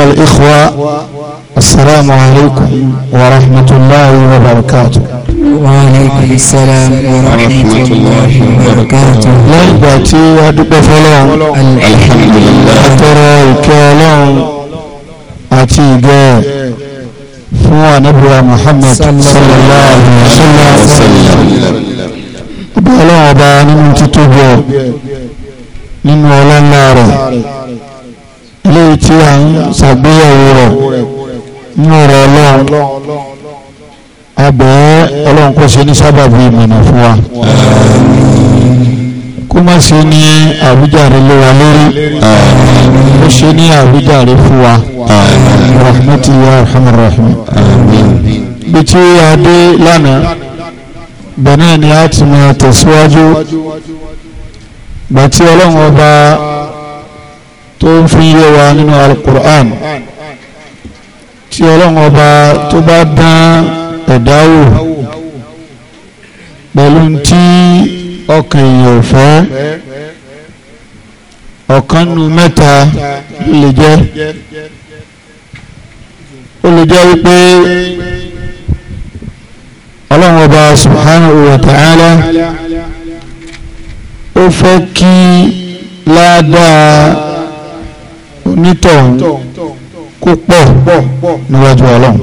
والإخوة السلام عليكم ورحمة الله وبركاته وعليكم السلام ورحمة الله وبركاته لأيباتي وحدد فلان الحمد لله أترى الكلام أتيجا فهو نبوة محمد صلى الله عليه وسلم بلغ بان انت تتوبه من ولا ناره lé tí a ń ṣàgbéyẹ̀wò rẹ̀ ní ọ̀rọ̀ ọlọ́run abẹ́ ọlọ́run kó ṣe ní sábàbí ìmọ̀nà fún wa kó má ṣe ní àwíjàre lé wa lórí ó ṣe ní àwíjàre fún wa rahmatu ya rahman rahim bí tí a dé lánàá bẹ̀rẹ̀ ni a ti máa tẹ̀síwájú bàtí ọlọ́run ọba tó ń fi yé wa nínú alukur'an tí ọlọ́run ọba tó bá dán ẹ̀dá wò pẹ̀lú tí ọkàn èèyàn ò fẹ́ ọ̀kan nu mẹ́ta lè jẹ́ ó lè jẹ́ wípé ọlọ́run ọba subhanahu wa ta'ala ó fẹ́ kí ládàá nítọ̀hún kó pọ̀ níwájú ọlọ́run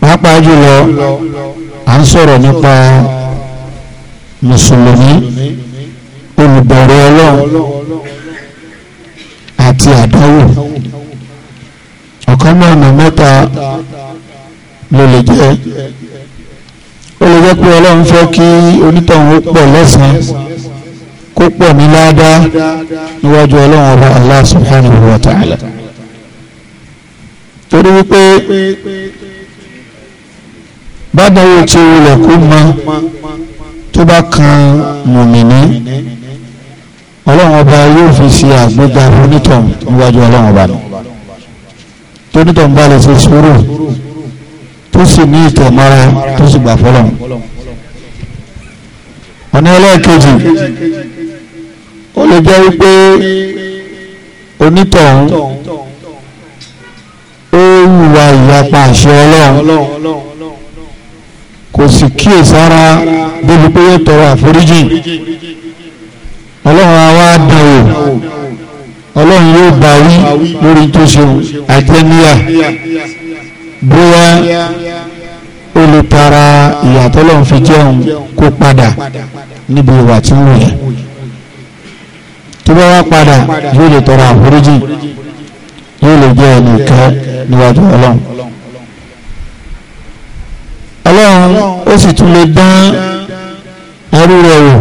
pàápàá jùlọ à ń sọ̀rọ̀ nípa mùsùlùmí olùbẹ̀rù ọlọ́run àti àdánwò ọ̀kan mọ̀nà mẹ́ta ló lè jẹ́ ó lè jẹ́ pé ọlọ́run fẹ́ kí onítọ̀hún pọ̀ lẹ́sàn-án kó pọ̀ ní ládàá níwájú ọlọ́run ọba Allah subhanahu wa ta'ala torí wípé bádàwò tí wulẹ̀ kó mọ tó bá kan mùmìnì ọlọ́run ọba yóò fi ṣe àgbéga onítọ̀m níwájú ọlọ́run ọba nù tó onítọ̀m bá lè ṣe sùúrù tó sì ní ìtẹ̀mọ́ra tó sì gbà fọlọ́run ọ̀nà ẹlẹ́ẹ̀kejì ló jẹ́ wípé onítọ̀hún ó hùwà ìyapa àṣẹ ọlọ́run kò sì kíyèsára débi pé yóò tọrọ àforíjì ọlọ́run àwa dàn wò ọlọ́run yóò bá wí lórí tó ṣeun àjẹníyà bóyá olùtara ìyàtọ̀ lọ́run fi jẹun kó padà níbi ìwà tí wọ́n yẹ tó bá wá padà yóò lè tọrọ àforíjì yóò lè jẹ́ ẹni ìkẹ́ níwájú ọlọ́run ọlọ́run ó sì tún lè dán ẹrú rẹ̀ wò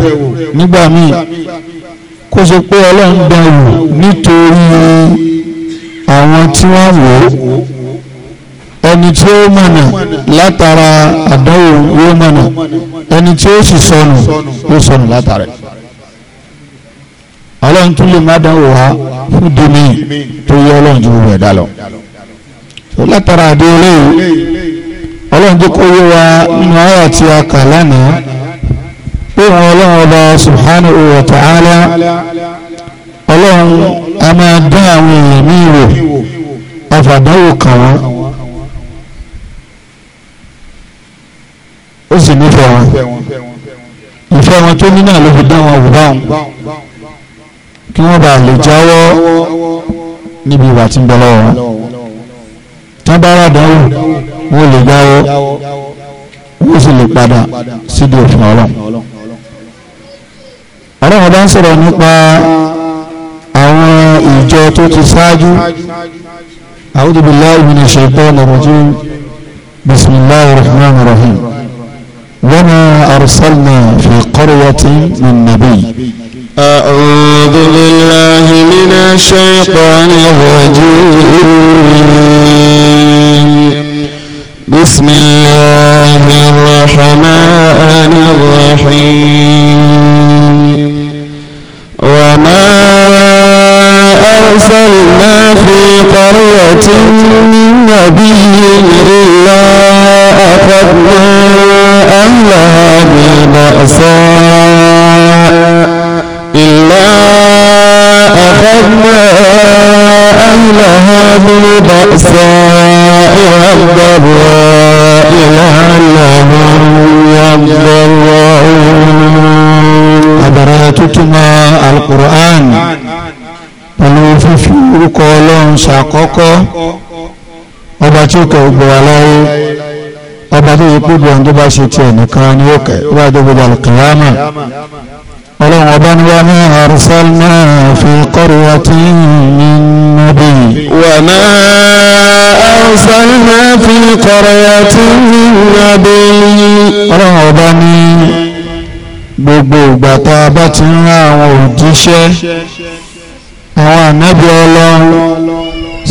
nígbà míì kó ṣe pé ọlọ́run dán wò nítorí àwọn tí wọ́n wò ó ẹni tí ó mọ̀nà látara àdánwò yóò mọ̀nà ẹni tí ó sì sọnù yóò sọnù látara ọlọ́run tún lè má dánwò wá fún domi tó yẹ ọlọ́run ju rẹ̀ dá lọ. látara àdé olóyè ọlọ́run tó kó yé wa nínú àyà tí a kà lánàá pé wọn ọlọ́run ọba subhanahu wa ta'ala ọlọ́run a máa dán àwọn èèyàn ní ìwò àfàdánwò kàn wọ́n. ó sì nífẹ̀ẹ́ wọn ìfẹ́ wọn tó ní náà ló fi dá wọn wò báwọn kí wọ́n bá lè jáwọ́ níbi ìwà tí ń bẹ lọ́wọ́ wọn tí wọ́n bá rà dánwò wọ́n lè jáwọ́ wọ́n sì lè padà sídìí òfin ọlọ́run ọlọ́run bá ń sọ̀rọ̀ nípa àwọn ìjọ tó ti ṣáájú a'udhu billahi minash shaitanir rajim bismillahir rahim wa ma arsalna fi qaryatin min nabiy. أعوذ بالله من الشيطان الرجيم بسم الله الرحمن الرحيم وما أرسلنا في قرية من نبي إلا أخذنا أهلها بالبأساء البأساء والضراء لعلهم يضرعون أدراتكما القرآن pẹ̀lú fífi orúkọ ọlọ́run ṣàkọ́kọ́ ọba tí ó kẹ gbogbo wa láyé ọba tó yẹ pébù ọ̀n tó bá ṣe tiẹ̀ nìkan ni ó kẹ tó bá dé gbogbo alkiyama ọlọ́run ọba ni wọ́n ní arsalna fi qaryatin min به وما أرسلنا في قرية من نبي رغبني gbogbo ìgbà tá a bá ti ń rán àwọn òjíṣẹ́ àwọn ànábì ọlọ́run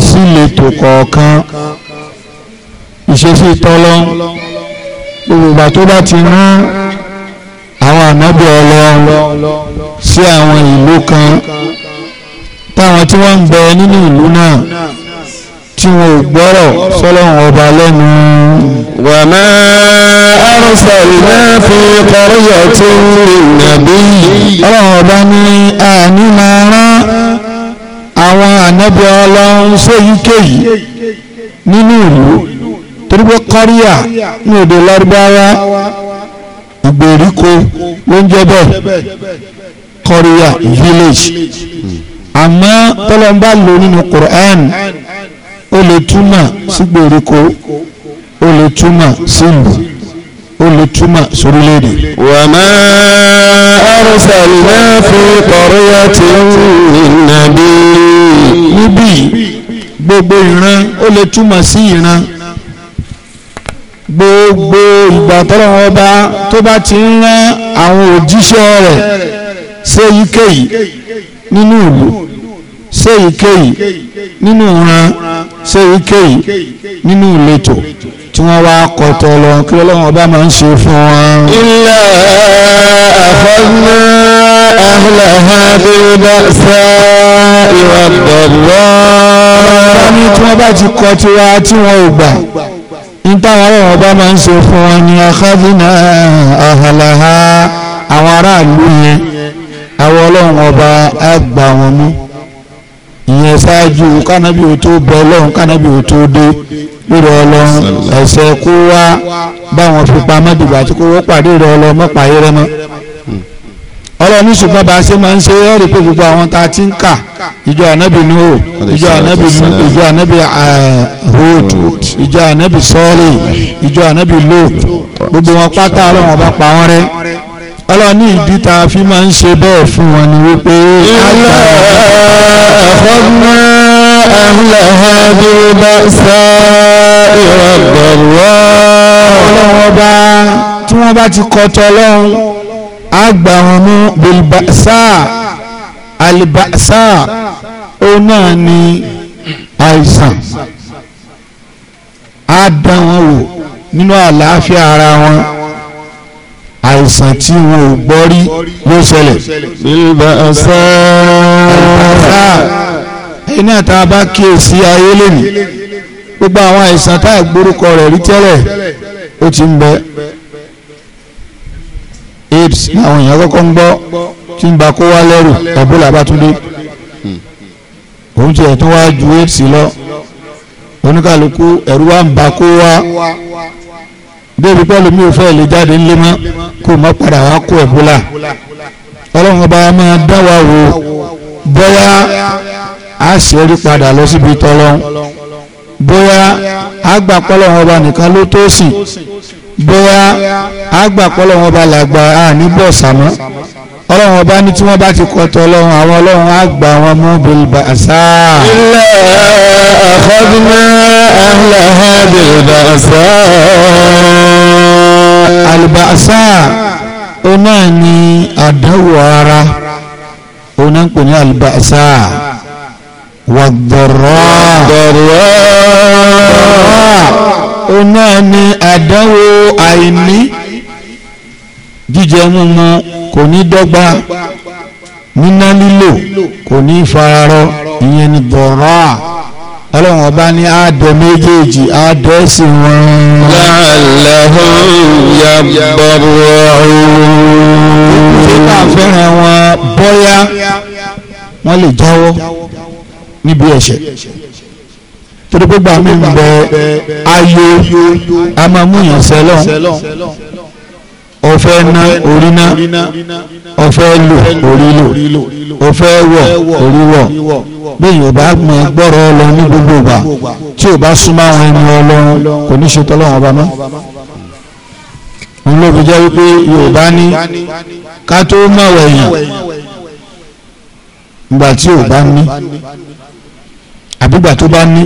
sí ìletò kọ̀ọ̀kan ìṣesí tọ́lọ́ gbogbo ìgbà tó bá ti rán àwọn ànábì ọlọ́run sí àwọn ìlú kan táwọn tí wọ́n ń bẹ nínú ìlú náà tí wọn ò gbọ́rọ̀ sọ́lọ́run ọba lẹ́nu. wà á máa arsalna fi qaryatin nabiyyin. ọlọ́run ọba ní àní máa rán àwọn ànábì ọlọ́run séyíkéyìí nínú ìlú torí pé kọ́ríà ní èdè lárúbáwá ìgbèríko ló ń jẹ́ bẹ́ẹ̀ kọ́ríà village. Mm àmọ́ tọ́lọ́mbà lò nínú Qur'an ó lè túmọ̀ sí gbèríko ó lè túmọ̀ sí ìlú ó lè túmọ̀ sórílẹ̀-èdè. wa ma arsalna fi qaryatin min nabi. níbí gbogbo ìran ó lè túmọ̀ sí ìran gbogbo ìgbà tọ́lọ́ ọba tó bá ti ń rán àwọn òjíṣẹ́ rẹ̀ sí èyíkéyìí nínú ìlú ṣé èyíkéyìí nínú ìran ṣé èyíkéyìí nínú ìletò tí wọ́n wá kọ̀tọ̀ lọ kí ọlọ́run ọba máa ń ṣe fún wọn. ilẹ̀ àfọ́nà àhùlàhà bí ó bá sá ìwà bọ̀bọ̀. wọ́n tí wọ́n bá ti kọ tiwa tí wọ́n ò gbà nítawọn ọlọ́run ọba máa ń ṣe fún wọn ní akádínà àwọn aráàlú yẹn àwọn ọlọ́run ọba á gbà wọn mú ìyẹn ṣáájú kánábì ò tó bọ ọlọ́run kánábì ò tó dé lórí ọlọ́run ẹ̀sẹ̀ kó wá báwọn fi pamọ́ dìgbà tí kò wọ́pàdé rẹ ọlọ́run mọ́pàá yẹrẹ mọ́ ọlọ́ni ṣùgbọ́n bá a ṣe máa ń ṣe ẹ́rì pé gbogbo àwọn tá a ti ń kà ìjọ ànábì nuhu ìjọ ànábì nuhu ìjọ ànábì eh, Hud ìjọ ànábì sọ́ọ̀lì ìjọ ànábì lò gbogbo wọn pátá ọlọ́run ọba pa wọn rẹ́ ọlọ́ni ìdí tá a fi máa ń ṣe bẹ́ẹ̀ fún wọn ni wípé àjà ọ̀fọ́nà àhùlẹ̀hà bí bá sá ìrọ̀gbọ̀rọ̀. ọlọ́run ọba tí wọ́n bá ti kọ́tọ̀ ọlọ́run á gbà wọn mú bilbasa alibasa òun náà ni àìsàn á dá wọn wò nínú àlàáfíà ara wọn àìsàn tí wọn ò gbọ́ rí yóò ṣẹlẹ̀. bílbà ọ̀sán. ẹ̀yin náà tá a bá kíyèsí ayé lónìí gbogbo àwọn àìsàn tá a gbórúkọ rẹ̀ rí tẹ́lẹ̀ ó ti ń bẹ aids làwọn èèyàn kọ́kọ́ ń gbọ́ tí ń ba kó wá lẹ́rù ẹ̀bólà bá òun tiẹ̀ tún wá ju aids lọ oníkàlùkù ẹ̀rù wa ń ba kó wá débi pẹ́lú mi ò fẹ́ lè jáde ńlẹ́ mọ́ kó má padà wá kó ẹ̀bólà ọlọ́run ọba máa dá wa wò bóyá a ṣe rí padà lọ síbi tọ́lọ́ bóyá a gbà pọ́lọ́run ọba nìkan ló tó sìn bóyá a gbà pọ́lọ́run ọba làgbà a ní bọ̀ sàmọ́ ọlọ́run ọba ní tí wọ́n bá ti kọ́tọ̀ ọlọ́run àwọn ọlọ́run á gbà wọn mú bilba àṣà. ilẹ̀ àkọ́dúnmọ́ àhùlà ha bilba àṣà wọ ara òun náà ń pè ní alibasa wàdọ̀rọ̀ dọ̀rọ̀ òun náà ni àdánwò àìní jíjẹ mímu kò ní dọ́gba níná lílò kò ní fararọ ni dọ̀rọ̀ ọlọ́run ọba ní àádọ́ méjèèjì àádọ́ sí wọn. láàlẹ́hùn ya bọ̀rọ̀ ọ̀hún. nígbà fẹ́ràn wọn bọ́yá wọ́n lè jáwọ́ níbi ẹ̀ṣẹ̀ torí gbogbo àmì ń bẹ ayọ̀ a máa mú yàn sẹ́lọ̀ ọfẹ́ ná orí ọfẹ́ lò orí ọfẹ́ wọ̀ orí wọ̀ bẹ́ẹ̀ mọ gbọ́rọ̀ lọ ní gbogbo ìgbà tí yóò bá súnmọ́ àwọn ẹni ọlọ́run kò ní ṣe tọ́lọ́run ọba mọ́ ló fi jẹ́ wípé yorùbá ní ká tó ìgbà tí bá ní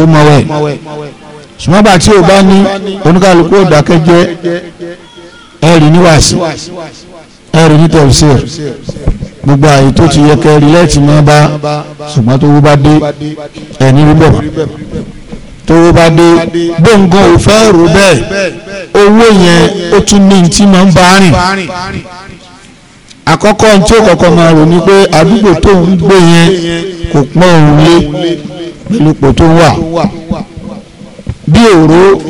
àbígbà ṣùgbọ́n bá tí o bá ní oníkàlùkù òdàkẹ́jẹ́ ẹ̀rì níwàásí ẹ̀rì ní tẹ̀síìr gbogbo àyè tó ti yẹ kẹrì lẹ́ẹ̀tì máa bá ṣùgbọ́n tó wó bá dé ẹ̀ní rí bẹ̀ tó wó bá dé gbọ̀ngàn ò fẹ́ rò bẹ́ẹ̀ owó yẹn ó tún ní tí máa ń bá rìn àkọ́kọ́ tí ó kọ́kọ́ máa rò ní pé àdúgbò tó ń gbé yẹn kò pọ́n òun lé pẹ̀lú ipò tó wà bí òró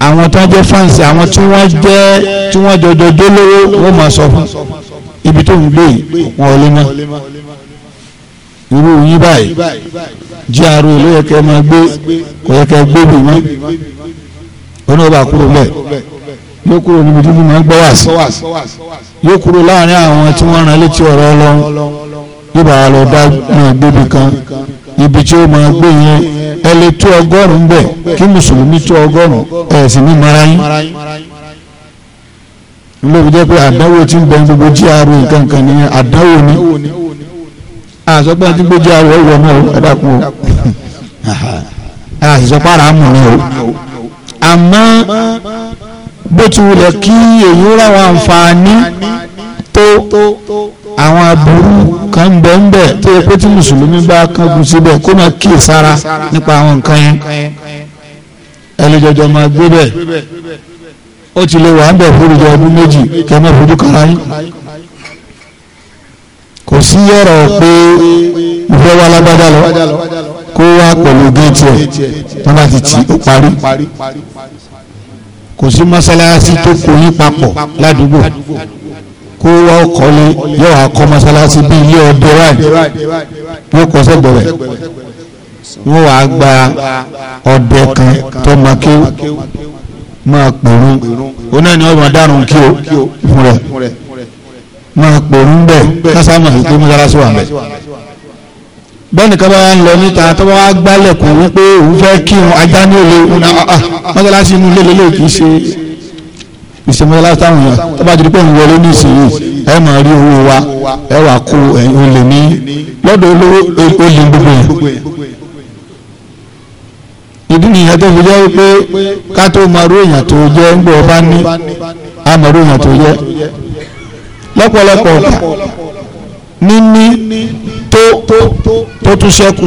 àwọn tó ń jẹ́ fáǹsì àwọn tí wọ́n jẹ́ tí wọ́n jọjọ jólówó wọ́n máa sọ fún ibi tó ń gbé wọn ò lè mọ́ irú yín báyìí jíàrú ló yẹ kẹ́ máa gbé kò yẹ kẹ́ gbé bì mọ́ òun náà bá kúrò bẹ́ẹ̀ yóò kúrò níbi tí wọ́n máa ń gbọ́ wá sí yóò kúrò láàrin àwọn tí wọ́n rán létí ọ̀rọ̀ ọlọ́run yóò bá wa lọ bá máa gbé bì kan ibi tí ó máa gbé yẹn ẹ lè tó ọgọ́rùn-ún bẹ̀ kí mùsùlùmí tó ọgọ́rùn-ún ẹ̀ sì ní mara yín lóbi jẹ́ pé àdánwò tí ń bẹ gbogbo gra nǹkan kan ní àdánwò ni àsọpẹ́ tí gbogbo gra ẹ̀ wọ̀ náà ẹ̀ dàkún o àṣìṣọpá ara mọ̀ ni o àmọ́ bó ti wulẹ̀ kí èyí ráwọn àǹfààní tó àwọn aburú kan ń bẹ ń bẹ tó yẹ pé tí mùsùlùmí bá kángun síbẹ̀ kó máa kíyè sára nípa àwọn nǹkan yẹn ẹlẹ́jọjọ máa gbé bẹ́ẹ̀ ó ti lè wà ń bẹ̀ fúrujọ ọdún méjì kẹ́ máa fojú kan láyé kò sí yọ̀rọ̀ pé ìfẹ́ wa lágbájá lọ kó wá pẹ̀lú géètì ẹ̀ tó bá ti tì ó parí kò sí mọ́sálásí tó kò yí papọ̀ ládùúgbò kó wá ọkọ̀ lé yóò wá kọ́ mọ́sálásí bí ilé ọdẹ ráì yóò kọ́ sẹ́gbẹ̀rẹ̀ wọ́n wàá gba ọdẹ kan tó máa kéwú máa pèrú oná ni wọ́n máa dárun kí o fún rẹ̀ máa pèrú bẹ́ẹ̀ kásámà fi kó mọ́sálásí wà bẹ́ẹ̀ bẹ́ẹ̀ni kaba wa ń lọ níta tó bá wá gbálẹ̀ kù wípé òun fẹ́ kí wọn ajá ní òle ah, ah, mọ́sálásí inú lélẹ́lẹ́ kì í ṣe ìsèmọ́lá táwọn yẹn tó bá jẹ́ pé ń wọlé ní ìsìnyí ẹ máa rí owó wa ẹ wà kó olè ní lọ́dọ̀ olówó olè gbogbo yẹn ìdí nìyẹn tó fi jẹ́ pé ká tó máa ró èèyàn tó jẹ́ ń gbọ́ ọba ní á máa ró èèyàn tó jẹ́ lọ́pọ̀lọpọ̀ níní tó tó tún ṣẹ́kù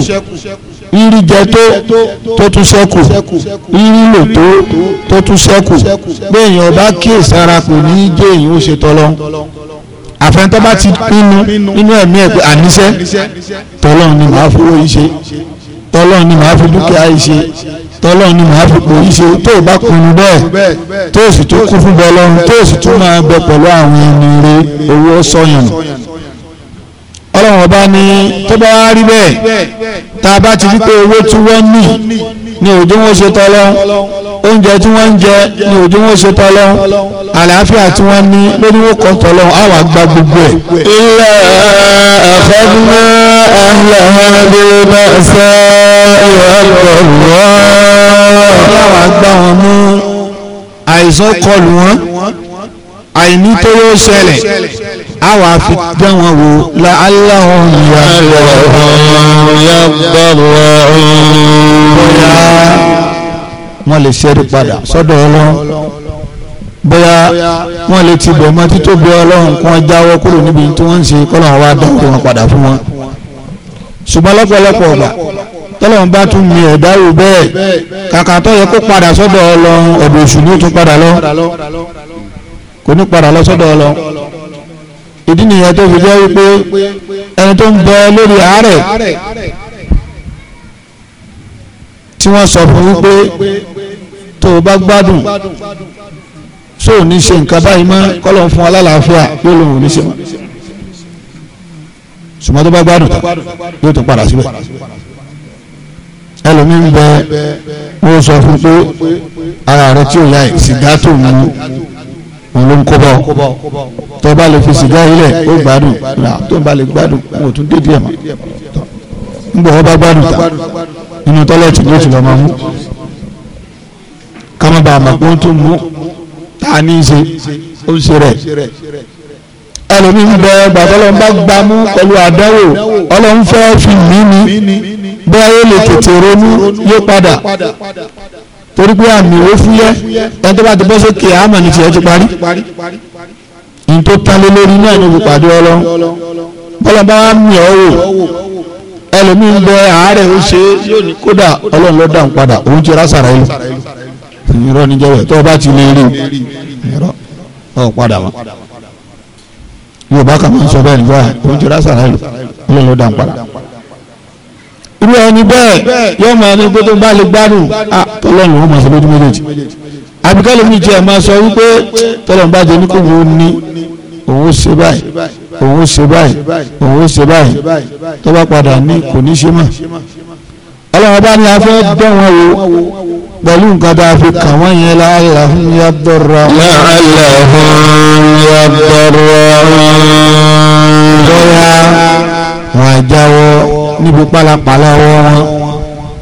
irí jẹ tó tó tún ṣẹ́kù irí lò tó tó tún ṣẹ́kù béèyàn ọba kíyèsára kò ní í jẹ́ èyí ó ṣe tọ́lọ́ àfẹnitọ́ bá ti pinnu nínú ẹ̀mí ẹ̀ pé àníṣe tọ́lọ́ ni màá fowó yìí ṣe tọ́lọ́ ni màá fi dúkìá yìí ṣe tọ́lọ́ ni màá fi pò yìí ṣe tó o bá pinnu bẹ́ẹ̀ tó o sì tún kún fún bọ́ọ̀lọ́run tó o sì tún máa bẹ pẹ̀lú àwọn ẹni rẹ owó sọ́yàn ọlọ́run ọba ní tó bá wá rí bẹ́ẹ̀ tá a bá ti rí pé owó tí wọ́n ní ní òjò wọn ṣe tọ́lọ́ oúnjẹ tí wọ́n ń jẹ ní òjò wọn ṣe tọ́lọ́ àlàáfíà tí wọ́n ní lórí wọn kan tọ́lọ́ àwọn àgbà gbogbo ẹ̀. ilẹ̀ àfẹ́gbọ́n àhìlẹ̀ àdébẹ̀ ṣe ìrọ̀lọ́. láwọn àgbà wọn mú àìsàn kọlù wọn àìní tó yóò ṣẹlẹ̀ a wà fi dán wọn wò la aláwọ̀ ya bọ̀rọ̀ bóyá wọ́n lè ṣẹ́rí padà sọ́dọ̀ ọlọ́run bóyá wọ́n lè ti bẹ̀ mọ́ títóbi ọlọ́run kan jáwọ́ kúrò níbi tí wọ́n ń ṣe kọ́lọ́run wá dáwọ́ wọn padà fún wọn ṣùgbọ́n lọ́pọ̀lọpọ̀ ọ̀gbà tọ́lọ́run bá tún mi ẹ̀dá wò bẹ́ẹ̀ kàkà tó yẹ kó padà sọ́dọ̀ ọlọ́run ọ̀dọ̀ òṣù ni ó tún padà lọ kò ní padà lọ sọ́dọ̀ ọlọ́run ìdí nìyẹn tó fi jẹ́ wípé ẹni tó ń bẹ lórí àárẹ̀ tí wọ́n sọ fún wípé tó o bá gbádùn tó o ní ṣe nǹkan báyìí mọ́ kọ́lọ̀ fún alálàáfíà yóò lòun ò ní ṣe mọ́ ṣùgbọ́n tó bá gbádùn tán yóò tún padà síbẹ̀ ẹlòmíín bẹ wọ́n sọ fún pé ara rẹ tí ò yá ẹ̀ sìgá tó mú wọn ló ń kó bọ́ tó bá lè fi sìgá ilẹ̀ ó gbádùn tó bá lè gbádùn kò tún dédìí ẹ̀ mọ́ nígbà wọn bá gbádùn ta inú tọ́lẹ̀tì ló ti lọ́ máa mú ká bàa mọ̀ pé ó mú tá a ní í ṣe ó ń ṣe rẹ̀ ẹlòmí ń bẹ gbàtọ́lọ́ ń bá gbámú pẹ̀lú àdánwò ọlọ́run fẹ́ fi mí ni bẹ́ẹ̀ yóò lè tètè ronú yóò padà torí pé àmì ò fúyẹ́ ẹni tó bá ti bọ́ sókè àmọ́ ní tiẹ̀ ti parí ní tó tán lé lórí náà ní olùpàdé ọlọ bọ́lá bá wà mí ọ́ wò ẹlòmíín bẹ àárẹ̀ ó ṣe yóò ní kódà ọlọ́run ló dáhùn padà òun ti rásàrà yìí irọ́ ní jẹ́wẹ̀ tó o bá ti lè rí irọ́ ọ̀ padà wá yorùbá kan máa sọ bẹ́ẹ̀ nígbà òun ti rásàrà yìí ọlọ́run ló dáhùn padà irú ẹni bẹ́ẹ̀ yóò máa ní gbogbo bá lè gbádùn tọ́lọ́nù ah, ó máa sọ lójú méjèèjì àbíkálẹ̀ mi jẹ́ máa sọ wípé tọ́lọ́nù bá jẹ ní kò wọ́n ní òun ṣe báyìí òun ṣe báyìí òun ṣe báyìí tó bá padà ní kò ní ṣe mọ́ ọlọ́run bá ní a fẹ́ dán pẹ̀lú nǹkan tá a fi kàn wọ́n yẹn láàlàhùn yá dọ̀rọ̀ láàlàhùn yá dọ̀rọ̀ bóyá wọn jáwọ́ níbi pálapàla wọn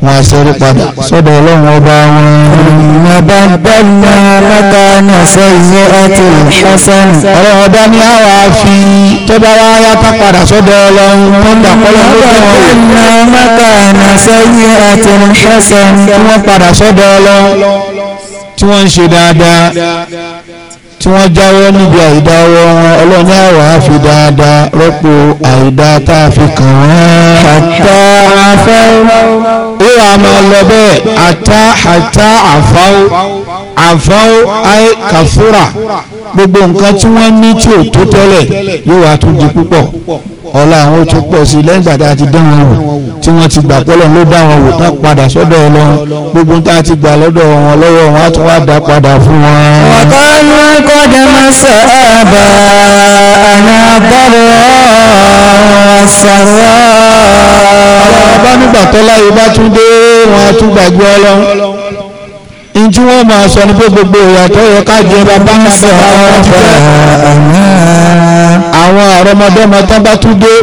wọn àṣẹrí padà sọ́dọ̀ ọlọ́run ọba wọn. ọba bẹ́ẹ̀ni alága náà sẹ́yìn àti ìfọ́sẹ́nì. ọ̀rọ̀ ọba ni a wà fi tọ́ba wa yàtọ̀ padà sọ́dọ̀ ọlọ́run tó ń dàkọ́lọ́ lójú wọn. ọba bẹ́ẹ̀ni alága náà sẹ́yìn àti ìfọ́sẹ́nì. tí wọ́n padà sọ́dọ̀ ọlọ́run tí wọ́n ń ṣe dáadáa tí wọ́n jáwọ́ níbi àìdáwọ́ wọn ọlọ́ni àwọ̀ á fi dáadáa rọ́pò àìdá tá a fi kàn wọ́n. àtà àfẹ́ ó wà máa lọ bẹ́ẹ̀ àtà àtà àfáwọ́ àfáwọ́ ayé kàfúrà gbogbo nǹkan tí wọ́n ní tí ò tó tẹ́lẹ̀ yóò wá tún di púpọ̀ ọ̀la àwọn tó pọ̀ sí lẹ́yìn ìgbà tá a ti dán wọn wò tí wọ́n ti gbà pẹ́lẹ́ ló dá wọn wò tá padà sọ́dọ̀ ọlọ́run gbogbo tá a ti gbà lọ́dọ̀ wọn lọ́wọ́ wọn á tún wá dá padà fún wọn. ọ̀kọ́ ló ń kọ́jà máa sọ àbá àbọ̀rọ̀ sọ̀rọ̀. àwọn abánigbàtọ́lá yìí bá tún dé wọn á tún gbàgbé ọlọ́run tí wọ́n máa sọ ní pé gbogbo ìwà tó yẹ ká jẹ bàbá ń sọ àwọn ọ̀fẹ́ àwọn àrọmọdọ́mọ tó bá tún dé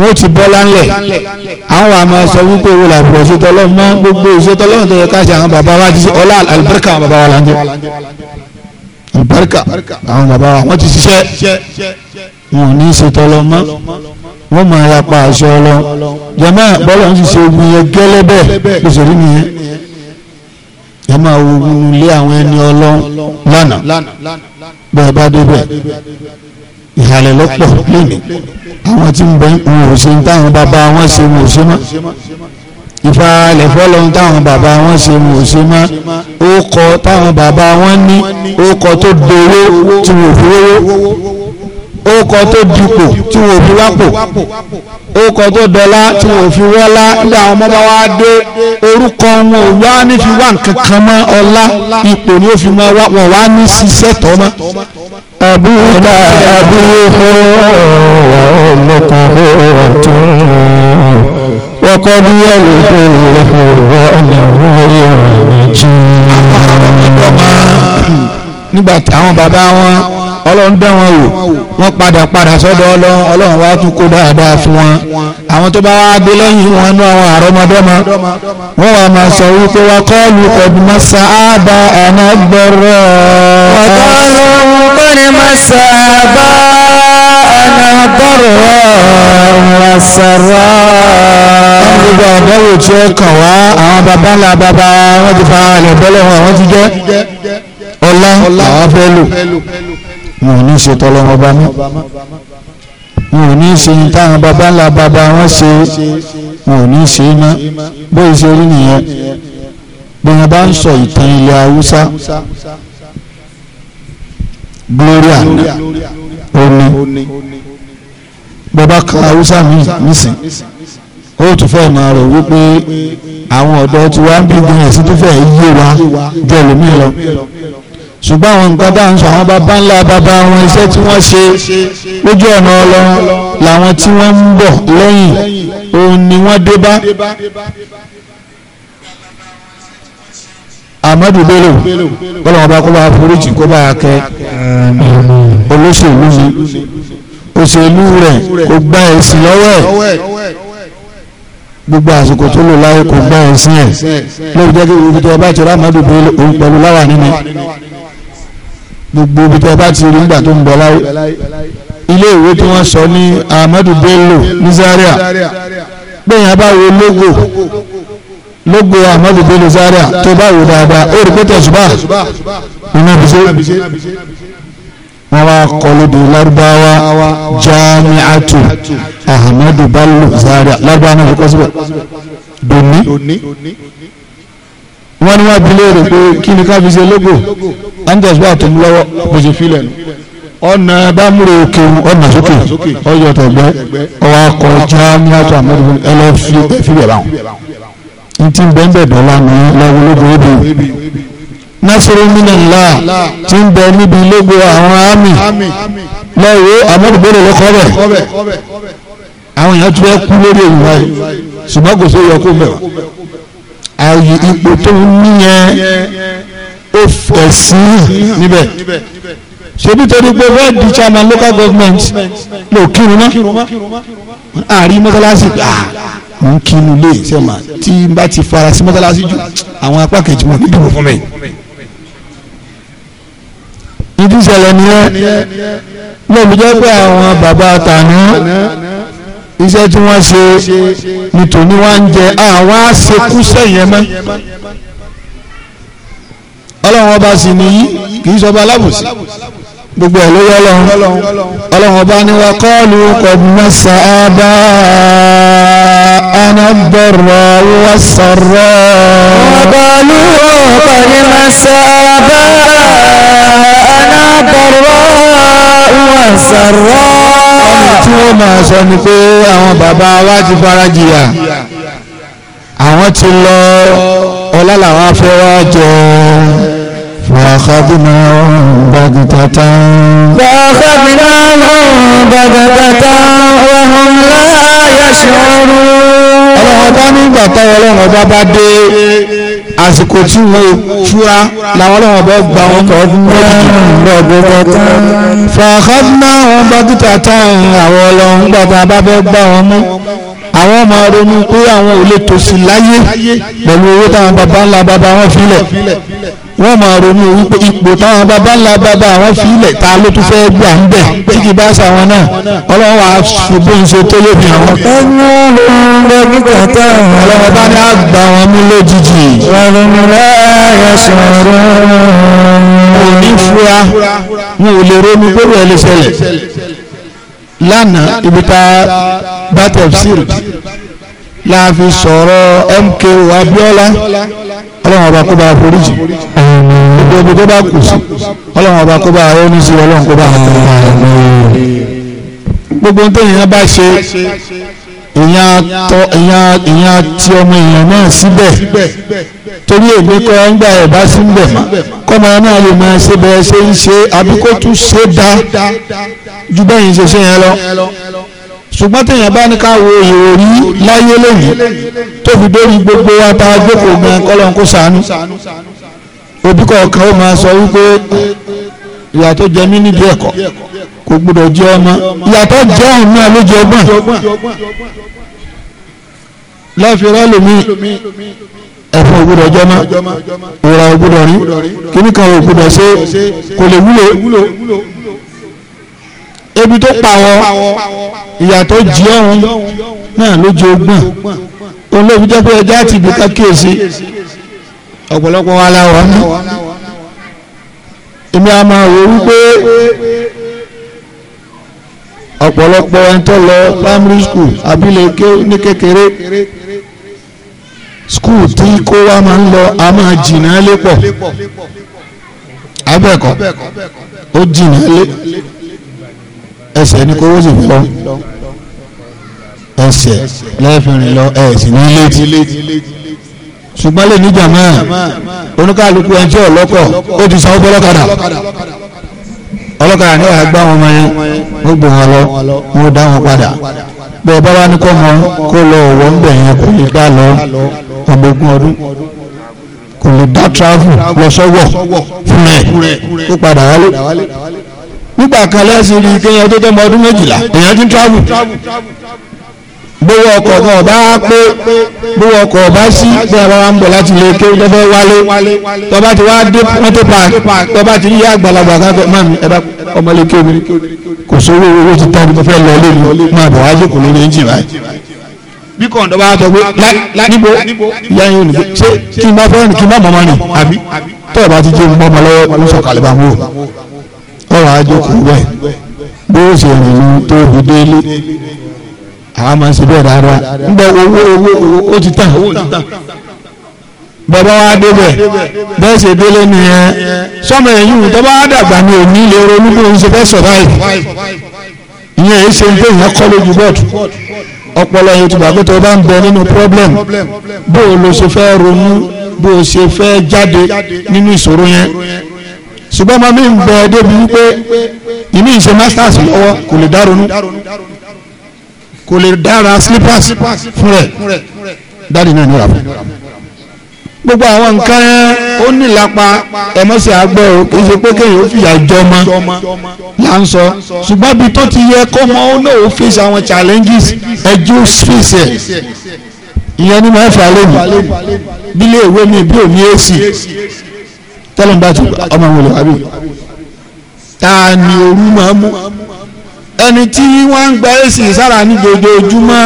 wọ́n ti bọ́ lánlẹ̀ àwọn àmọ́ sọ wípé owó làbọ̀ òṣètò ọlọ́run mọ́ gbogbo òṣètò ọlọ́run tó yẹ ká ṣe àwọn bàbá wa ti ọlá àlùbáríkà àwọn bàbá wa là ń jẹ àlùbáríkà àwọn bàbá wa wọ́n ti ṣiṣẹ́ wọn ò ní ṣètò ọlọ́run mọ́ wọ́n máa yapa àṣọ ọlọ́run jẹ́mọ́ bọ́lá ń ṣiṣẹ́ ogun yẹn gẹ́lẹ́ bẹ́ẹ̀ nìyẹn ẹ máa wo ilé àwọn ẹni ọlọ́run lánàá bẹ́ẹ̀ bá débẹ̀ ìhàlẹ̀ lọ́pọ̀ lónìí àwọn tí ń bẹ wọn ò táwọn bàbá wọn ṣe wọn ò mọ́ ìfaralẹ̀ fọ́lọ́run táwọn bàbá wọn ṣe wọn ò mọ́ ó kọ táwọn bàbá wọn ní ó kọ tó dowó tí wọn fi rówó orúkọ tó dipò tí wọn ò fi wápò orúkọ tó dọlá tí wọn ò fi wọ́lá nígbà àwọn ọmọ bá wá dé orúkọ wọn ò wá ní fi wá nǹkan kan mọ́ ọlá ipò ni ó fi mọ́ wá wọn wá ní ṣiṣẹ́ tọ́ mọ́. àbúrò àbúrò ọlọ́kọ̀ọ́ tún wọ́kọ́ bí ẹlòmíràn lọ́wọ́ ọ̀nà ìrìn àjò. nígbà tí àwọn bàbá wọn ọlọ́run dán wọn wò wọ́n padà padà sọ́dọ̀ ọlọ́run ọlọ́run wá tún kó dáadáa fún wọn àwọn tó bá wá gbé lẹ́yìn wọn ní àwọn àrọ́mọdọ́mọ wọ́n wá máa sọ wípé wá kọ́ọ̀lù kọ̀dùmọ́ sáábà ẹ̀nà gbọ́rọ̀ ọ̀kọ́ọ̀lù kọ́dùmọ́ sáábà ẹ̀nà gbọ́rọ̀ ọ̀rọ̀sọ̀rọ̀. gbogbo àdáwò tí ó kàn wá àwọn baba ńlá baba wọn ti fara rẹ̀ bọ́lẹ̀ wọn àwọn ti jẹ́ ọlá àwọn fẹ́ lò wọn ò ní ṣe tọ́lọ́wọ́n bá mọ́ wọn ò ní ṣe táwọn baba ńlá baba wọn ṣe wọn ò ní ṣe iná bóyá ṣe rí nìyẹn bí wọn bá ń sọ ìtàn ilẹ̀ haúsá gloria oní bàbá kan haúsá mi nísìn ó tún fẹ́ máa rò wípé àwọn ọ̀dọ́ tí wọ́n á bí gbìyànjú tó fẹ́ yé wa jẹ́ lómi lọ ṣùgbọ́n àwọn nǹkan bá ń sọ àwọn bàbá ńlá bàbá wọn iṣẹ́ tí wọ́n ṣe lójú ọ̀nà ọlọ́run làwọn tí wọ́n ń bọ̀ lẹ́yìn òun ni wọ́n dé bá amadu bello kọ́lá wọn bá kó bá foríjì kó bá kẹ́ olóṣèlú mi òṣèlú rẹ̀ kò gba ẹ̀sìn lọ́wọ́ ẹ̀ gbogbo àsìkò tó lò láyé kò gba ẹ̀sìn ẹ̀ lóòjẹ́ kí gbogbo ọba ìtura amadu bello òun pẹ̀lú láwà nínú gbogbo ibi tí a bá ti rí nígbà tó ń bọ̀ láyé ilé ìwé tí wọ́n sọ ní Ahmadu Bello nizaria Zaria bẹ́ẹ̀ yẹn bá wo logo logo Ahmadu Bello Zaria tó bá wo dáadáa ó rí pété ṣùgbọ́n nínú ibiṣẹ́ wọ́n wá kọlódé Lárúbáwá Jamiatu Ahmadu Bello nizaria Lárúbáwá náà fi kọ́ síbẹ̀ dòní wọ́n ní wọ́n bi léèrè pé kí ni ká fi ṣe lógo angels wà tó ń lọ́wọ́ bó ṣe filẹ̀ nù ọ̀nà bámúrò òkè ọ̀nà sókè ọ̀yọ̀ tọ̀gbẹ́ ọwọ́ akọ jámíàtọ̀ àmọ́dúnrún ẹ lọ fi ẹ̀fíwẹ̀ báwọn ntí bẹ́ẹ̀ dọ́là ní lọ́wọ́ lógo ebi nasiru minala ti ń bẹ níbi lógo àwọn àmì lọ́wọ́ àmọ́dúnrún lọ́kọ́ bẹ̀ àwọn èèyàn tún bẹ́ẹ̀ kú lórí èyí báyìí ṣùgbọ́n kò sí ìyọkú mẹ́wàá ààyè ipò tó ń níyẹn ó fẹ̀ sí níbẹ̀ ṣebí torí pé fẹ́ di chairman local government lò kírun mọ́ àárín mọ́sálásí gbà mò ń kírun lé sẹ́mà tí n bá ti fara sí mọ́sálásí jù àwọn apá kejì wọn nídìbò fún mi ìdí ìṣẹ̀lẹ̀ nìyẹn lóòótọ́ pé àwọn bàbá tàná iṣẹ́ tí wọ́n ṣe nítorí wọ́n ń jẹ àwọn àṣekúṣẹ́ yẹn mọ́ ọlọ́run ọba sì nìyí kì í sọba alábòsí gbogbo ẹ̀ lórí ọlọ́run ọlọ́run ọba ni wọ́n kọ́ọ̀lù kọ̀ọ̀mọ́sà ábá anábọ̀rọ̀ wọ́n sọ̀rọ̀. ọ̀bọ̀lù kọ̀ọ̀mọ́sà ábá anábọ̀rọ̀ wọ́n sọ̀rọ̀ máa sọ ni pé àwọn bàbá wa ti fara jìyà àwọn ti lọ ọlá làwọn afẹ́ wa jọ fàákàbínà bàgìtàtà. fàákàbínà bàgìtàtà wàhùn láyà ṣọ́ọ́rù. ọlọ́run bá nígbà táwọn ọlọ́run bá bá dé àsìkò tí wọ́n fúra làwọn ọlọ́wọ́n bọ́ gba wọn kọ́ fàkọ́dúnà wọn bákítà táwọn àwọn ọlọ́wọ́n gbàgbà bá fẹ́ gbà wọn mú àwọn ọmọ ronú pé àwọn ò lè tòṣì láyé pẹ̀lú owó táwọn baba ńlá baba wọn filẹ̀ wọ́n máa ronú wípé ipò táwọn bàbá ńlá bàbá àwọn fílẹ̀ ta ló tún fẹ́ gbà ń bẹ̀ tí kì bá sàwọn náà ọlọ́run wàá ṣubú ń ṣe tó lè fi àwọn. ẹnu ló ń lọ nígbà táwọn ọlọ́run bá ní àgbà wọn mú lójijì. rọrùnlá ẹ sọ̀rọ̀. kò fura wọn ò lè ronú gbogbo ẹ lè ṣẹlẹ̀ lánàá ibi tá a bá tafsir la fi sọ̀rọ̀ MKO Abíọ́lá ọlọ́run ọba kó bá a forí jì gbogbo omi tó bá kù sí ọlọ́run ọba kó bá a rẹ́ oníṣẹ́ ọlọ́run kó bá a rẹ́ gbogbo tó yẹn bá ṣe ìyẹn ti ọmọ èèyàn náà síbẹ̀ torí èmi kọ́ ń gba ẹ̀ bá sí bẹ̀ kọ́mọ náà lè máa ṣe bẹ́ẹ̀ ṣe ń ṣe àbí kó tún ṣe dá ju bẹ́ẹ̀ yìí ṣe ṣe yẹn lọ ṣùgbọ́n téèyàn bá ní ká wo ìròrí láyé lẹ́yìn tó fi dórí gbogbo wa tá a jókòó gan kọ́lọ́n kó sànú òbí kọ̀ọ̀kan ó máa sọ wípé ìyà tó jẹ mí nídìí ẹ̀kọ́ kò gbúdọ̀ jẹ ọmọ ìyà jẹ òun náà ló jẹ ọgbọ́n láfíìrá lómi ẹ̀fọ́ ògbúdọ̀ jọmọ́ òwúrọ̀ ògbúdọ̀ rí kíníkan ògbúdọ̀ ṣe kò lè wúlò ebi tó pa wọ́n ìyàtọ̀ jí ọ̀hún náà lójú ogbọ̀n olóògùn jẹ́ pé ẹja ti bìkà kíyèsí ọ̀pọ̀lọpọ̀ wa la wà mí èmi a máa wò wípé ọ̀pọ̀lọpọ̀ ẹni tó lọ primary school abiléke ní kékeré school tí kó wa máa ń lọ a máa jìnnà lé pọ̀ abẹ́ẹ̀kọ́ ó jìnnà lé ẹsẹ̀ ní kówó sì fi lọ. ẹsẹ̀ lẹ́fìrin lọ ẹ̀sìn ní létí ṣùgbọ́n lè ní máa oníkàlùkù ẹnjẹ́ ọlọ́kọ̀ ó ti sanwó bọ́lọ́kadà ọlọ́kadà ní ọ̀hà gbá wọn mọ́yẹn wọn lọ dá wọn padà bẹ́ẹ̀ ní kọ́ kó lọ ọ̀wọ́ ń kò lè dá lọ ọmọ ọmọ ọdún bówó ọkọ̀ náà bá pé bówó ọkọ̀ bá sí bí a bá wá ń bọ̀ láti lè ké lọ́fẹ́ wálé tọ́ba ti wá dé mọ́tò pa tọ́ba ti yí àgbàlagbà káfẹ́ máa mi ẹ̀dá ọmọlé ké mi kò sówó owó ti tán mo fẹ́ lọ lé mi máa bọ̀ wájú kò lórí ẹ̀jìn báyìí. bí kọ̀ǹdọ̀ bá sọ pé níbo ìyá yín ò ní kí n bá fẹ́ kí n bá mọ̀mọ́ ni àbí tọ́ọ̀ bá ti jẹ́ mọ́ ọmọ lọ́wọ́ ń àwọn máa ń ṣe bẹ́ẹ̀ rárá ń bọ owó owó owó ó ti tà bàbá wa débẹ̀ bẹ́ẹ̀ ṣe délé nìyẹn sọmọ ẹ̀yìn tó bá dàgbà ní òní lè ronú bí òun ṣe fẹ́ survive ìyẹn èyí ṣe ń pè yẹn kọ́ lójú bọ́ọ̀dù ọpọlọ yẹn tùbà pé tó bá ń bẹ nínú problem bó o lo ṣe fẹ́ ronú bó o ṣe fẹ́ jáde nínú ìṣòro yẹn ṣùgbọ́n ọmọ mi ń bẹ débi wípé ìmí ìṣe masters lọ́wọ́ kò lè dá ronú kò lè dára slippers fún rẹ̀ dáàdi náà ní ra fún gbogbo àwọn nǹkan ó nílapa ẹ̀mọ́sẹ̀ àgbẹ̀ o kì í ṣe pé kéèyàn ó fìyà jọ ọmọ là ń sọ ṣùgbọ́n ibi tó ti yẹ kọ́mọ ó náà ó fèsì àwọn challenges ẹjú fèsì ẹ̀ ìyẹn ní máa fà lónìí bílé ìwé mi bí òní èsì tẹ́lẹ̀ ń bá ti ọmọ wọlé wá bí ta ni orú máa mú ẹni tí wọ́n ń gba èsì sára ní ojoojúmọ́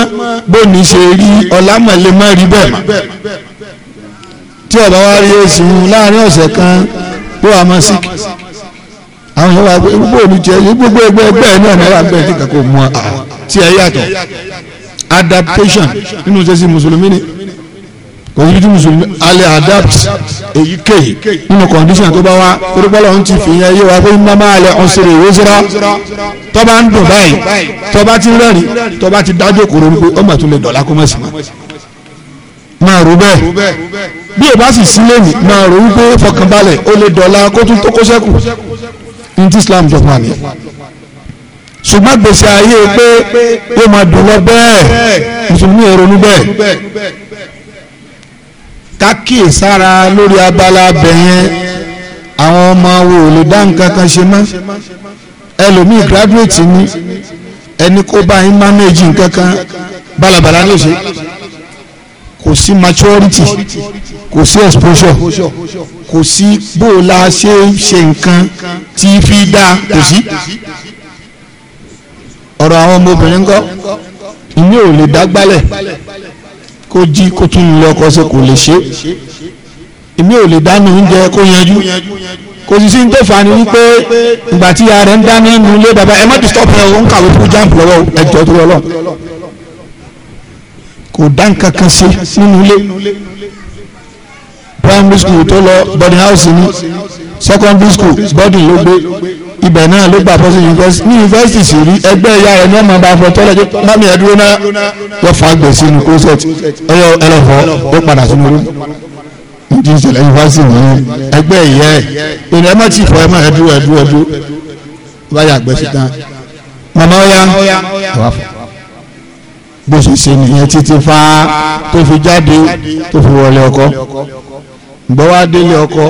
bóni ṣe rí ọ̀làmọ̀lẹ́ mọ́ rí bẹ́ẹ̀ mọ́ tí ọba wa rí èsì láàrin ọ̀sẹ̀ kan tó wà mọ́ síkì àwọn yóò wá gbogbo olùjẹ gbogbo ẹgbẹ ẹgbẹ ẹ náà náírà bẹ́ẹ̀ kíkà kò mú a ah, tí ẹ yàtọ̀ adaptation nínú ṣe sí mùsùlùmí ni òyìnbí tí mùsùlùmí alẹ́ adapt èyíkéyìí nínú kọ̀ǹdíṣàn tó bá wá torípọ́lọ́ ń ti fìyàn yé wa pé ń máa alẹ́ ọ̀sẹ̀rẹ̀ ìwé sọ́rọ́ tó bá ń dùn báyìí tó bá ti rẹ́rìn tó bá ti dájú kòrò wípé ọmọ tó lè dọ̀lá kó mọ̀ sí ma máa rò bẹ́ẹ̀ bí ìbá sì sí lónìí máa rò wípé fọkànbalẹ̀ ó lè dọ̀lá kó tún tó kó sẹ́kù ní ti Islam jọ̀pọ̀ àná ṣùgbọ́n gbèsè ayé pé yóò máa dùn lọ bẹ́ẹ̀ mùsùlùmí ò ronú bẹ́ẹ̀ kákìí sára lórí abala bẹ̀yẹn àwọn ọmọ wo lè dá nǹkan kan ṣe mọ́ ẹlòmíì graduate ni ẹni kó bá yín manage nǹkan kan balabala ló ṣe kò sí maturity kò sí exposure kò sí bó o la ṣe ṣe nǹkan tí fi dá kò sí ọ̀rọ̀ àwọn ọmọbìnrin ńkọ́ ìyẹn ò lè dá gbálẹ̀ kó jí kó tún lọ ọkọ ṣe kò lè ṣe èmi ò lè dáná oúnjẹ kó yanjú kò sì sí ní tó fà ní wípé ìgbà tí ara ń dáná nu ilé bàbá ẹ má disturb ẹ o ń kàwé fún jump lọ́wọ́ ẹjọ́ tó lọ́lọ́ kò dá nǹkan kan nínú ilé primary school tó lọ boarding house ni secondary school bọ́dì ló gbé ibẹ̀ náà ló gbà fọ́sí ní university. sì rí ẹgbẹ́ ìyá rẹ̀ ní ọmọ bá fọ tọ́lẹ̀ jẹ́ mami ẹ̀dúró náà wọ́n fa gbẹ̀ sínú closet ẹyọ ẹlọ́fọ́ ó padà sínú rú ìdí ìṣẹ̀lẹ̀ university, nìyẹn ẹgbẹ́ ìyá ẹ̀ ìrìn ẹ̀mọ́ tí ìfọ̀ ẹ̀mọ́ ẹ̀dúró ẹ̀dúró ẹ̀dúró báyà àgbẹ̀ sí tán màmá ọ̀yá wà fọ bó ṣe ṣe nìyẹn títí fa tó fi jáde tó fi wọlé ọkọ gbọ́wá délé ọkọ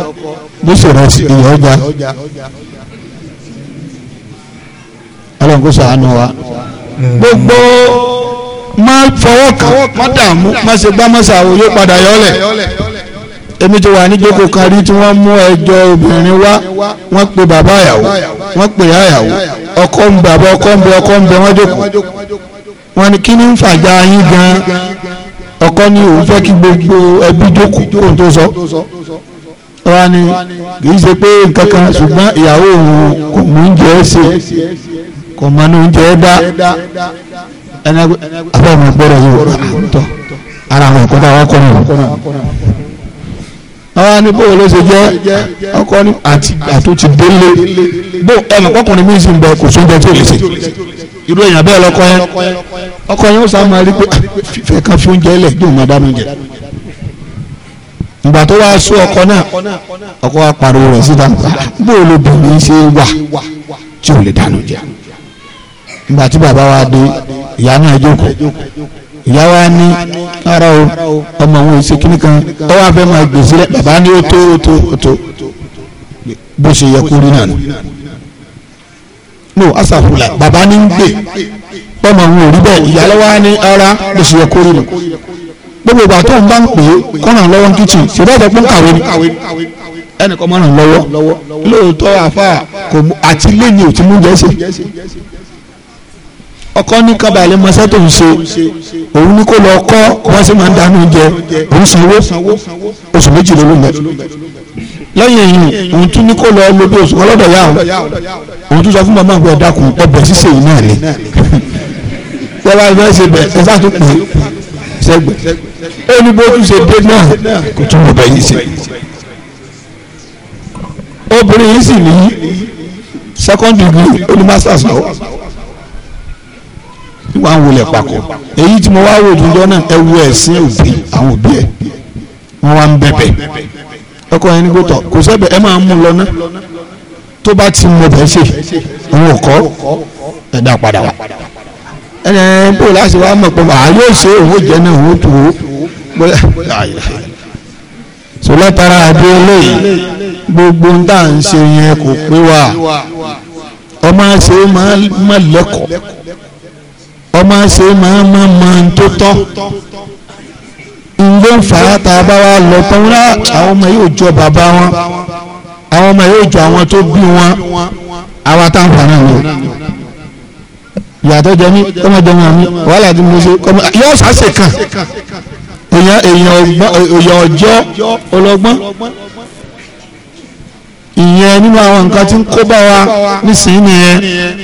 bó sọ̀rọ̀ sí ìyá ọjà ọlọ́run kó ṣàánú wa gbogbo má fọwọ́ kan má dààmú má ṣe gbá má ṣàwò yóò padà yọlẹ̀ èmi ti wà ní jókòó kan rí tí wọ́n mú ẹjọ́ obìnrin wá wọ́n pe bàbá àyàwó wọ́n pe àyàwó ọkọ ń bàbá ọkọ ń bẹ ọkọ ń bẹ wọ́n jókòó wọ́n ní kí ni ń fàjà yín gan ọkọ ní òun fẹ́ kí gbogbo ẹbí jókòó tó sọ wọ́n ní kì í ṣe pé nǹkan kan ṣùgbọ́n ìyàwó òun kò mú oúnjẹ ṣe kò mọ ní oúnjẹ dá ẹni abẹ́ ọmọ gbọ́dọ̀ yóò rà tọ́ ara àwọn ẹ̀kọ́ náà wọ́n kọ́ nù. wọ́n ní bóyá ló ṣe jẹ́ ọkọ ní àtúntì délé bó ẹnì kọkùnrin mi sì ń bẹ kò sóúnjẹ tó lè ṣe irú èèyàn bẹ́ẹ̀ lọ́kọ yẹn ọkọ yẹn ó sá máa rí pé ah, fẹ́ẹ́ kan fi oúnjẹ lẹ̀ yóò máa dáná jẹ ìgbà tó wá sún ọkọ náà ọkọ wa pariwo rẹ̀ síta bó olóbìnrin ṣe wà tí ò lè dànù jẹ ìgbà tí bàbá wa dé ìyá náà jókòó ìyá wa ní ara o ọmọ òun ṣe kíní kan ó wá fẹ́ máa gbèsè rẹ bàbá ní ó tó ó tó ó tó bó ṣe yẹ kó rí nànú no asàfùlà bàbá ní ń gbè ọmọ òun ò rí bẹ́ẹ̀ ìyá lọ́wọ́ á ní ara bó ṣe yẹ kó rí nànú gbogbo ìgbà tó ń bá ń pè é kó ràn lọ́wọ́ títì ṣùgbọ́n ìjọ pé ń kàwé ni ẹnìkan máa ràn lọ́wọ́ lóòótọ́ àfa àti lẹ́yìn ò ti mú jẹ́sẹ̀ ọkọ ní kábàlẹ̀ mọ́sẹ́ tó ń ṣe òun ní kó lọ kọ́ wọ́n sì máa ń dáná oúnjẹ òun sanwó oṣù méjìlélógún lẹ́yìn èyí òun tún ní kó lọ lo bí oṣù ọlọ́dọ̀ yà òun tún sọ fún màmá àgbẹ̀ dákun ọbẹ̀ ṣíṣe yìí náà ni wọ́n bá fẹ́ ṣe bẹ̀ ẹ bá tún pè é sẹ́gbẹ̀ ó ní bó tún ṣe dé náà kò tún wọ bẹ́yìn sí obìnrin yìí sì ní second degree ó ní masters lọ́wọ́ wà ń wọlé papọ̀ èyí tí mo wá wò lójọ́ náà ẹ wo ẹ̀sìn òbí àwọn òbí ẹ̀ wọ́n wá ń bẹ̀bẹ̀ ọkọ yẹn ní kò tọ̀ kò sẹ́bẹ̀ ẹ máa ń mú un lọ́nà tó bá ti mọ bẹ́ẹ̀ ṣe òun ò kọ́ ẹ̀dá padà wá ẹnìyẹn bó láti wá mọ̀ pé àá yóò ṣe òun jẹ́ náà òun tó o bóyá so látara àdé eléyìí gbogbo ń tà ń ṣe yẹn kò pé wa ọmọ ṣe máa lẹ́kọ̀ọ́ ọmọ ṣe máa má mọ ohun tó tọ́ ìwé ń fà tá a bá wa lọ tán rá ah, àwọn ọmọ yóò jọ bàbá wọn àwọn ọmọ yóò jọ àwọn tó bí wọn àwa tá a ń fà náà lọ ìyàtọ̀ jẹ mí ọmọ jẹ mí àmì wàhálà tí mo ṣe yọ ọ̀sà ṣe kàn. èèyàn èèyàn ọjọ́ ọlọ́gbọ́n ìyẹn nínú àwọn nǹkan tí ń kó bá wa nísìnyí nìyẹn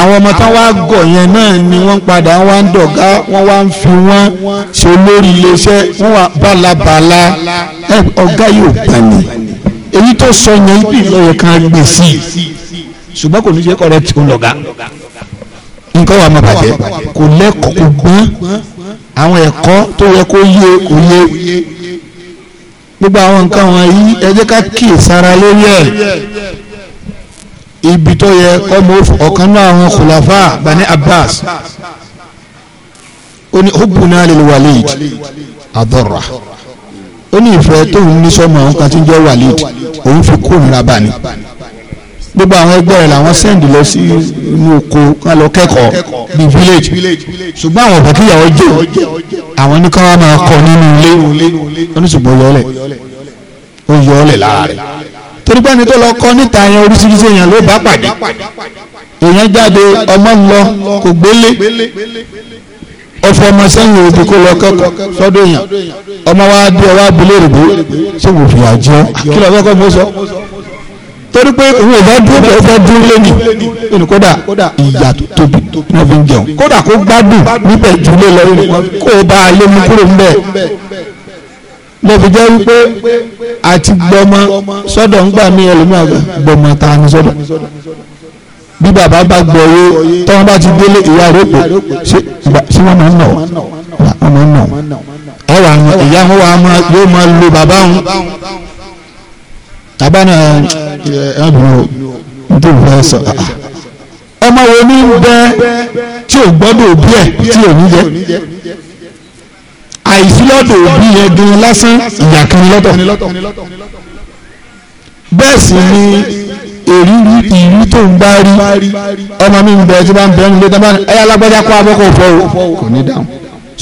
àwọn ọmọ tán wá gọ̀ yẹn náà ni wọ́n padà wá ń dọ̀gá wọ́n wá ń fi wọ́n ṣe olórí iléeṣẹ́ wọ́n wá bálabàla ọ̀gá yóò gbà èyí tó sọ yẹn kan gbè sí i ṣùgbọ́n kò ní tí ó lọ̀gá nǹkan wà bàjẹ́ kò lẹ́kọ̀ọ́ gbọ́n àwọn ẹ̀kọ́ tó yẹ kó yé kò yé gbogbo àwọn nǹkan wọ̀nyí ẹ jẹ́ ká kíyè sára lórí ẹ̀ ibi tó yẹ kọ́mọ ọ̀kan náà àwọn kùlàfà bani Abbas ó ní hubbuna lil Walid adarra ó ní ìfẹ́ tóun ní sọ́mọ àwọn kan tí ń jẹ́ Walid òun fi kó nira bani gbogbo àwọn ẹgbẹ́ rẹ̀ làwọn sẹ́ndì lọ sí inú oko ká lọ kẹ́kọ̀ọ́ ní village ṣùgbọ́n àwọn ọ̀bọ̀ kíyàwó jẹ́ àwọn ní káwọn máa kọ nínú ilé oníṣùgbọ́n yọọlẹ̀ ó yọọlẹ̀ lára rẹ̀ torí pé ẹni tó lọ kọ́ níta yẹn oríṣiríṣi èèyàn ló bá pàdé èèyàn jáde ọmọ lọ kò gbélé ọfọ ọmọ sẹ́yìn òbí kó lọ kẹ́kọ̀ọ́ sọ́dọ̀ èèyàn ọmọ wa dé ọwọ́ abúlé rìbó ṣé wò fìyà jẹ torí pé òun ò bá dúró bẹ́ẹ̀ bá dúró lẹ́nu ẹni kódà ìyà tó tóbi wọn fi ń jẹun kódà kó gbádùn níbẹ̀ jùlọ lọ kó o bá a lé mú kúrò ń bẹ̀ mo fi jẹ́ wípé àti gbọmọ sọ́dọ̀ ń gbà mí ẹlòmíà gbọmọ ta ni sọ́dọ̀ bí bàbá bá gbọ́ owó tọ́wọ́n bá ti délé ìyá rẹ̀ pé ṣé wọ́n máa ń nà wọ́n máa ń nà ọ̀ wà ìyá wọn wà yóò máa lo bàbá wọn. Abana, náà ẹ ẹ tó fẹ́ sọ ah, ah. ọmọ wo ní bẹ tí ò gbọ́dọ̀ òbí ẹ̀ tí ò ní jẹ àìsí lọ́dọ̀ òbí yẹn gan lásán ìyà kan lọ́tọ̀ bẹ́ẹ̀ sì ni èrírí ìrí tó ń bá rí ọmọ mi ń bẹ tí bá ń bẹ nílé dábàá ẹ alágbájá kó abọ́ kò o kò ní dáhùn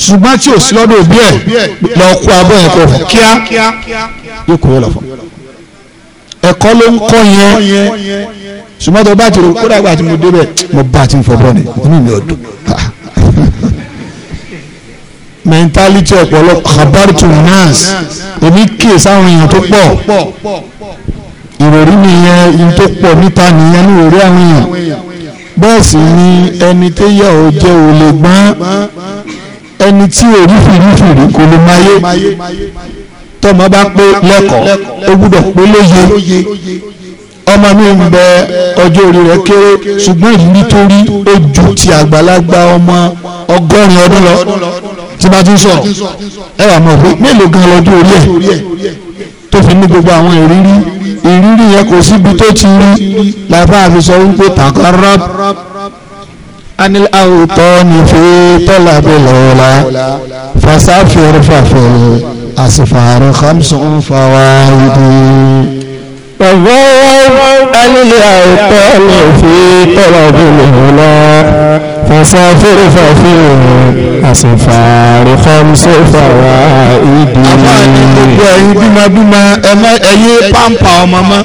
ṣùgbọ́n tí ò sí òbí ẹ̀ lọ kó abọ́ yẹn kò fọ́ kíá yóò kó lọ fọ́ ẹ̀kọ́ ló ń kọ́ yẹn ṣùgbọ́n tó bá ti rò kódà gbà tí mo débẹ̀ mo bá ti ń fọbọ́ ni inú mi ò dùn. mẹ́ńtálítì ọ̀pọ̀lọpọ̀ habaritu nas èmi kíyè sáwọn èèyàn tó pọ̀ ìròrí nìyẹn ìyẹn tó pọ̀ níta nìyẹn ní ìròrí àwọn èèyàn bẹ́ẹ̀ sì ni ẹni téyà ò jẹ́ ò lè gbọ́n ẹni tí ò rífìrífìrí kò lè máyé tọmọ bá pé lẹ́kọ̀ọ́ ó gbúdọ̀ pé lóye ọmọ mi ń bẹ ọjọ́ orí rẹ̀ kéré ṣùgbọ́n ìrírí tó rí ó ju ti àgbàlagbà ọmọ ọgọ́rin ọdún lọ tí bá ti ń sọ̀rọ̀ ẹ wà mọ̀ pé mélòó gan lọ́dún orí ẹ̀ tó fi ní gbogbo àwọn ìrírí ìrírí yẹn kò síbi tó ti rí làbá àfi sọ wípé tàkàrà anil awutọ nìfẹ́ tọ́lá bẹ́ẹ̀ lọ́wọ́lá fasafẹ́ rẹ́fàfẹ́ rẹ́. الأسفار خمس فوائد تضووا عن الأوطان في طلب الهنا فسافر ففي الأسفار خمس فوائد أفعل بما بما أما أي بامبا وماما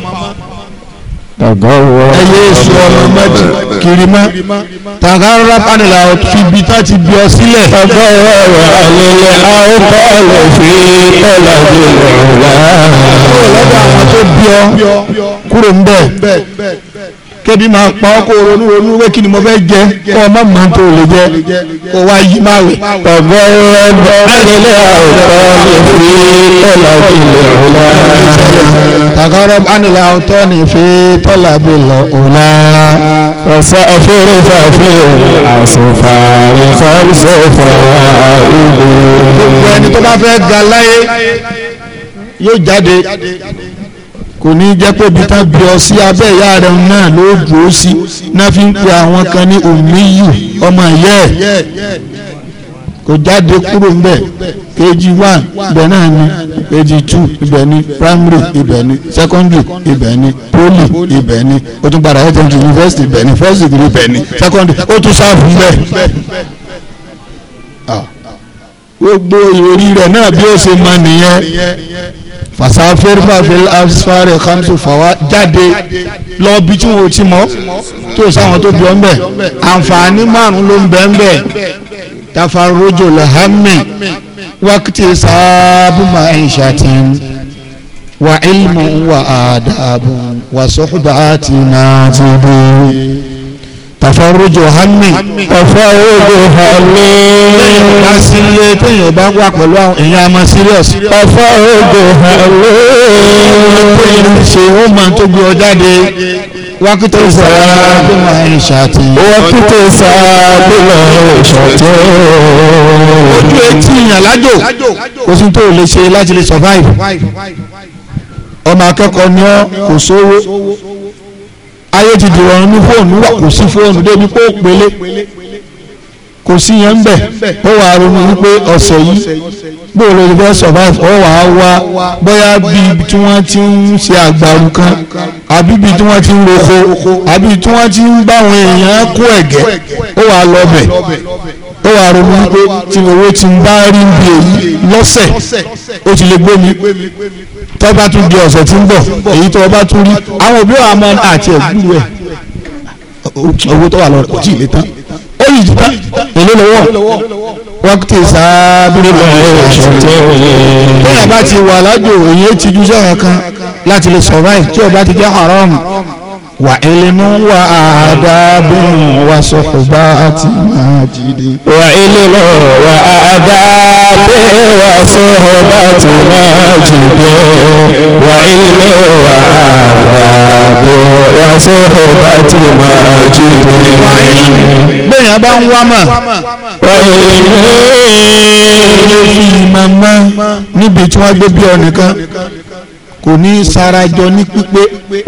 ẹyẹ èso ọ̀nà mẹ́tì kiri mọ́ tàgárà pàdìlà fi bi ti bí ọ sílẹ̀. ọgọ́rọ̀ àlelẹ̀ àwòkọ́ lè fi tọ́lá bí ọ̀la. kúrò lọ́dọ̀ tó bí ọ kúrò ń bẹ̀ kébí máa pa ọ́ kó ronú ronú wé kí ni mo fẹ́ jẹ kó o má mọ tó o lè jẹ kó wá yí má wẹ̀. ọ̀gbẹ́ ẹgbẹ́ àgbẹ̀lẹ̀ àwùjọ lè fi tọ́lá bìlẹ̀ ọ̀la. takọ́rọ́ anilẹ̀ àwùjọ lè fi tọ́lá bìlẹ̀ ọ̀la. ọ̀sẹ̀ ọ̀fẹ́rẹ́ fàfẹ́ àṣùfà ìfọ̀ọ́sẹ̀ fà tó bá fẹ́ ga láyé yóò jáde kò ní jẹ́ pé bí tá bí ọ sí abẹ́ ìyá rẹ̀ náà ló dúró sí náà fi ń pe àwọn kan ní òmíyù ọmọ ìyá ẹ̀ kò jáde kúrò ń bẹ̀ kejì one ibẹ̀ náà ni kejì two ibẹ̀ ni primary ibẹ̀ ni secondary ibẹ̀ ni poli ibẹ̀ ni o tún padà health and university ibẹ̀ ni first degree ibẹ̀ ni secondary o tún sáfù ń bẹ̀ ah. gbogbo ìròrí rẹ̀ náà bí ó ṣe mọ nìyẹn fasafir fafil asfari kamsu fawa jáde lọ bí tí wọn ti mọ tí o sáwọn tó bí ọ ń bẹ àǹfààní márùn ló ń bẹ ń bẹ tafarojo lahami wakiti saabu maishatin wa ilmu wa adabu wa sohbati nafudu. Tafarujo tàfẹ́rújò hami tàfẹ́rújò hami lẹ́yìn bá sílé téèyàn bá wà pẹ̀lú àwọn èèyàn àmọ́ serious tàfẹ́rújò hami téèyàn ṣe ó máa tó gbé ọ jáde wákìtò sàbílà ìṣàtì wákìtò sàbílà ìṣàtì ojú etí ìyàn lájò kò sí tó lè ṣe láti lè survive ọmọ akẹ́kọ̀ọ́ ni ọ kò sówó ayé ti dìrọ̀ ní fóònù wà kò sí fóònù débi pé ó pélé kò sí yẹn ń bẹ̀ ó wà á ronú wípé ọ̀sẹ̀ yìí gbòòrò ìfẹ́ survive ó wà á wá bóyá bíi tí wọ́n ti ń ṣe àgbàrú kan àbí bíi tí wọ́n ti ń roko àbí tí wọ́n ti ń báwọn èèyàn kó ẹ̀gẹ́ ó wà á lọ bẹ̀ ó wà ronú wípé tí mo wé tí n bá rí ibi èyí lọ́sẹ̀ ó ti lè gbé mi tó bá tún di ọ̀sẹ̀ tí ń bọ̀ èyí tó bá tún rí àwọn òbí wa máa àti ẹ̀gbú ẹ̀ owó tó wà lọ kò tí ì lè tán ó yìí jìtá èlé lọ́wọ́ wákìtì sáábìrì lọ́wọ́ ìṣòro bóyá bá ti wà lájò èyí ti ju sẹ́wọ̀n kan láti lè survive tí ó bá ti jẹ́ haram wà ilimu wà àdábùn wà sọ̀kùbá àti màjìdì. wà ilimu wà àdábùn wà sọ̀kùbá àti màjìdì. wà ilimu wà àdábùn wà sọ̀kùbá àti màjìdì. bẹ́ẹ̀ yẹn bá ń wá mà. wà ilimu. ó lè fi ìmọ̀ mọ́ níbi tí wọ́n gbé bí ọ nìkan kò ní sarajọ ní pípé.